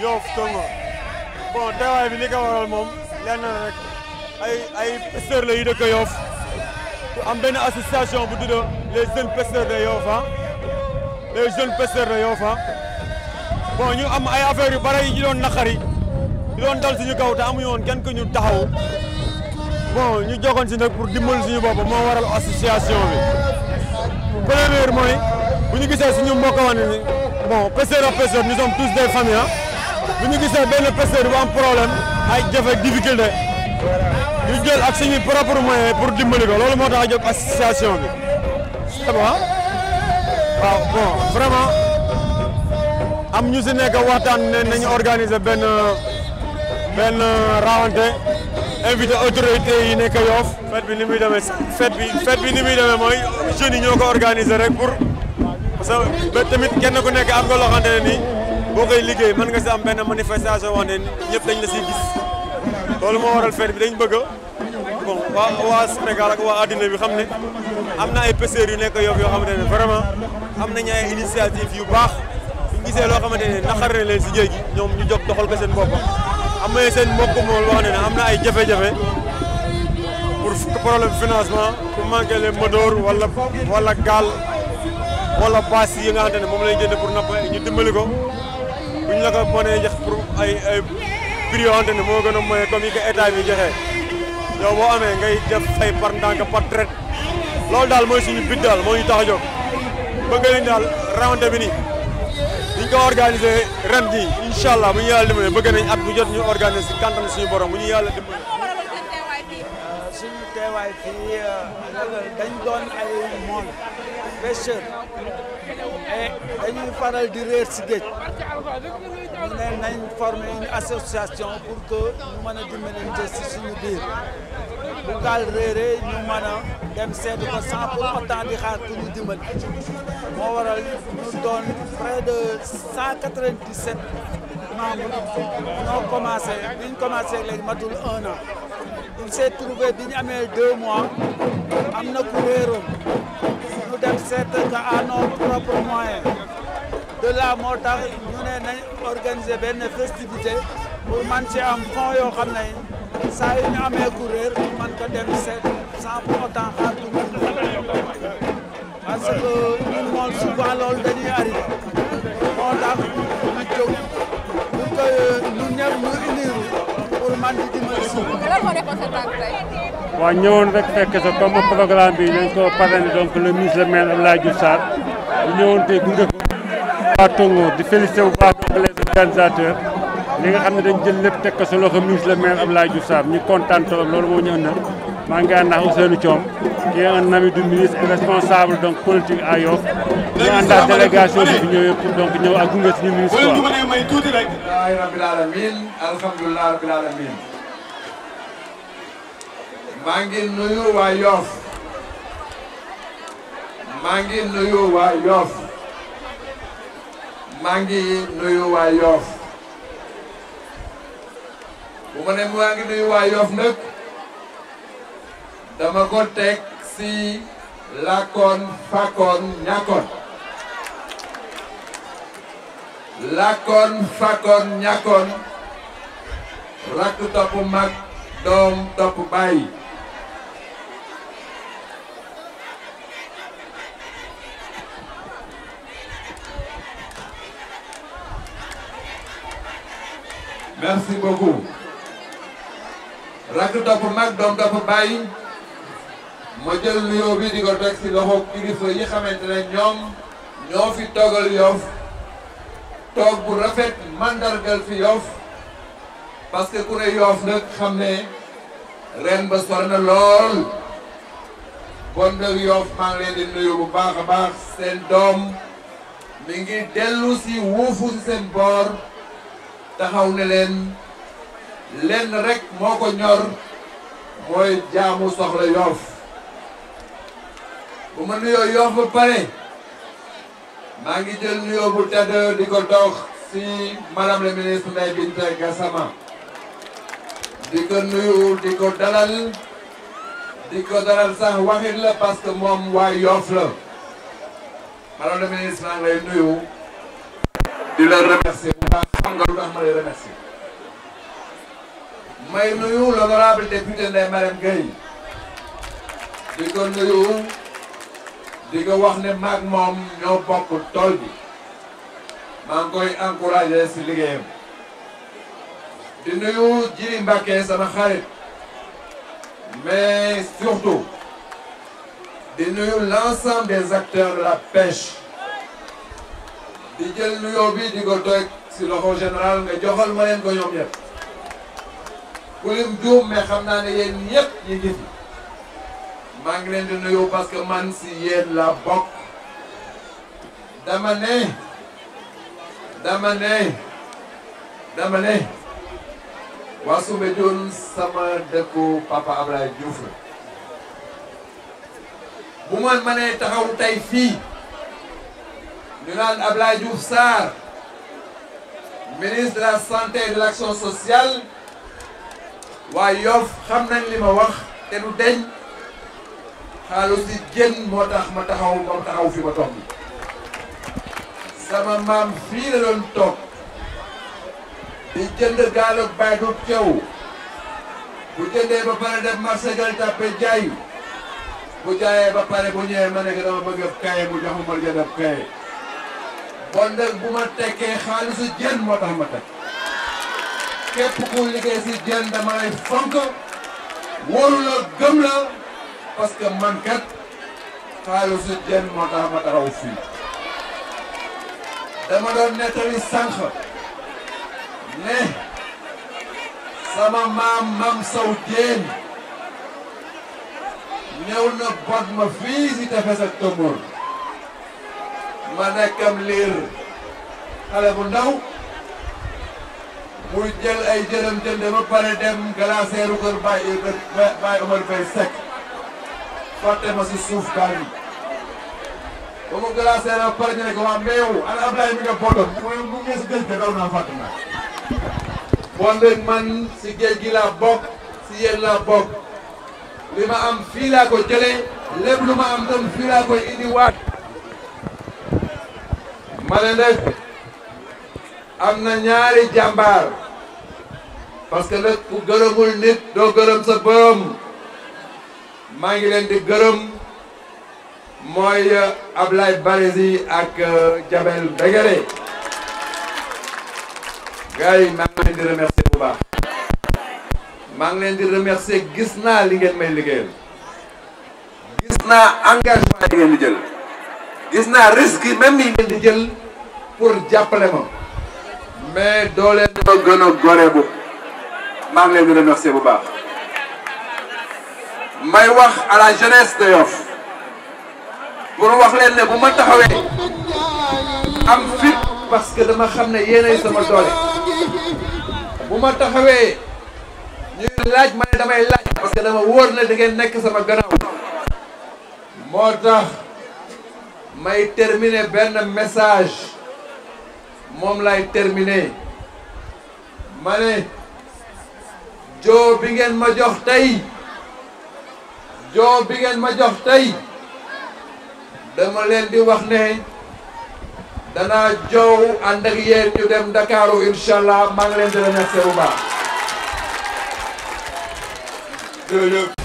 Yoff Tongo bon teewaay bi li ko waral moom lenn rek ay ay pêcheurs la yu dëkk Yoff am benn association bu tudd les jeunes pêcheurs de Yoff ah les jeunes pêcheurs de ah. bon ñu am ay affaires yu bare yi ñu doon naqari ñu doon suñu kaw te amuñu woon kenn ñu taxaw bon ñu joxoon si nag pour dimbali suñu moo waral association bi première mooy bu ñu gisee ñu mbokk woon ni bon pêcheurs ak pêcheurs nous sommes tous des familles ah. bu ñu gisee benn pêcheur bu am problème ay jafe difficulté ñu jël ak suñu propre moyen pour dimbali ko loolu moo tax a jóg association bi c'est bon waaw bon vraiment am ñu si nekk waxtaan ne nañu organiser benn benn rawante invité autorité yi nekk Yoff fête bi ni muy demee fête bi fête bi ni muy demee mooy jeunes yi ñoo ko organiser rek pour parce que tamit kenn ku nekk am nga loo xamante boo koy liggéey mën nga si am benn manifestation wax ne ñëpp dañ la si gis loolu moo waral fête bi dañ bëgg bon waa waa waa àddina bi xam ne am na ay pêcheurs yu nekk Yoff yoo xamante ne vraiment am nañu ay initiative yu baax suñu gisee loo xamante ne naqar na leen si géej ñoom ñu jóg doxal ko seen bopp am na seen mbokk mool wax ne am na ay jafe-jafe pour problème financement pour manquer les moteur wala wala gaal wala baas yi nga xamante moom lañ jënd pour napp ñu dimbali ko bu ñu la ko mënee jox pour ay ay prix yoo xamante ne moo gën a yi ko état bi joxe yow boo amee ngay def ay par ndànk par traite loolu daal mooy suñu bit daal moo ñu tax a jóg bëgg nañ daal rawante bi nii ñu ko organisé ren jii incha allah bu ñu yàlla dimbalee bëgg nañ at bu jot ñu organisé si suñu borom mu ñu yàlla dimbalee. suñu teewaay fii euh, dañ doon ay mool pêcheur et dañuy faral di réer si ñu ne nañ former une association pour que ñu mën a dimbalante si suñu biir bu gaal réeree ñu mën a dem seetu ko sans pour autant ku ñu dimbali moo waral ñu doon près de 197 membres ñoo commencé bi ñu commencé léegi matul un an il s'est trouvé bi amee deux mois am na ku réeroon ñu dem seet ka à nos propres de là moo tax ne nañ organiser benn festivité pour man ci am fond yoo xam ne saa yu ñu man ko dem seet sans pour autant parce que ñun moom souvent dañuy arrivé moo tax ñu jóg pour que ñun ñëpp ñu unir pour man di dimbali si. moo nekkoon sa tànk tey. waaw ñëwoon rek fekk sa comme programme bi dañ ko parrainé donc le ministre le maire Abdoulaye Diouf Sarr ñu ñëwoon tey gunge waa Tongo di félicité bu baax les organisateurs li nga xam ne dañ jël lépp teg ko sa loxo ministre maire Abdoulaye Diouf Sarr ñu kontaan loolu moo ñu ëndal maa ngi ànd ak Ousseynou Thiam qui est un du ministre et responsable donc politique à Yoff ñu ànd ak délégation bi ñëw yëpp donc ñëw ak gunge suñu ministre maa ngi nuyu waa Yoff maa ngi nuyu waa Yoff bu ma maa ngi nuyu waa Yoff nag dama ko teg si làkkoon fàkkoon ñàkkoon làkkoon fàkkoon ñàkkoon rakk topp mag doom topp bàyyi merci beaucoup rakk dafa mag doom dafa bàyyi ma jël nuyoo bi di ko teg ci loxo kilifa yi xamante ne ñoom ñoo fi toogal Yoff toog bu rafet mandargal fi Yoff parce que ku ne Yoff nag xam ne ren ba sor na lool bon nag Yoff maa leen di nuyu bu baax a baax seen doom mi ngi dellu si wuufu si seen boor taxaw ne leen lenn rek moo ko ñor mooy jaamu soxla yoof bu ma nuyoo yoof ba pare maa ngi jël nuyoo bu tedd di ko dox si madame la ministre Ndeye Binta Gassama di ko nuyu di ko dalal di ko dalal sax waxit la parce que moom waa yoof la madame la ministre maa ngi nuyu di la remercier bu baax xam nga lu ma lay remercier may nuyu l'honorable député wax ne maag moom ñoo bokk tool bi maa ngi koy encouragé si liggéeyam di nuyu Jiri Mbacke sama xarit mais surtout di nuyu l'ensemble des acteurs la pêche di jël nuyoo bi di ko teg si loxo général nga joxal ma leen ko ñoom ñëpp ku juum mais xam naa ne yéen ñëpp ñi ngi fi maa ngi leen di nuyu parce que man si yéen la bokk dama ne dama ne dama ne waa Soumbédioune sama dëkku papa Abdoulaye Diouf la bu man ma nee taxaw tey fii ñu naan Ablaye Diouf Sarr ministre de la santé sociale waa Yoff xam nañ li ma wax te du deñ xaalis di génn moo tax ma taxaw ma taxaw fi ma sama maam fii la doon toog di jënd gaal ak bay du teew bu jëndee ba pare def marché gal jaay bu jaayee ba pare bu ñëwee ma nekk dama bëgg ab kaye mu jox ma ma jënd kon nag bu ma tekkee xaalisu jën moo tax ma tekk képp ku liggéey si jën dama lay fonk wóolu gëm la parce que man kat xaalisu jën moo tax ma taxaw fii dama doon nettali sànq ne sama maam mam saw jéen ñëw na bot ma fii si tefes ak tëmbool ma nekkam liir xale bu ndaw muy jël ay jëram jënd ba pare dem glaceeru eh, kër Baye Baye Omar Faye Seck fàtte ma si suuf gaal yi ba mu glaceer ba pare ñu ko waa mais yow ana Ablaye mi mu naa fàtte naa bon rek man si géej gi laa bokk si yéen laa bokk li ma am fii laa ko jëlee lépp lu ma am tam fii laa koy indiwaat ma ne nag am na ñaari jàmbaar parce que nag ku gërëmul nit doo gërëm sa borom maa ngi leen di gërëm mooy euh, Ablaye Barézy ak euh, Jabel Begere gars yi maa ngi leen di remercier bu baax maa ngi leen di remercier gis naa li ngeen may liggéeyal gis naa engagement yi ngeen di jël gis naa risque même yi ngeen di jël pour jàppale ma mais doo leen ma gën a gore bu maa ngi leen di remercier bu baax may wax à la jeunesse de Yoff pour wax leen ne bu ma taxawee am fit parce dama xam ne yéenay sama doole bu ma taxawee ñuy laaj ma ne damay laaj parce que dama wóor na da ngeen nekk sama gannaaw moo tax may terminer benn message moom lay terminé ma ne joo bi ngeen ma jox tey joo bi ngeen ma jox tey dama leen di wax ne danaa jow ànd ak yéen ñu dem Ndakaaru incha maa ngi leen di remercier bu baax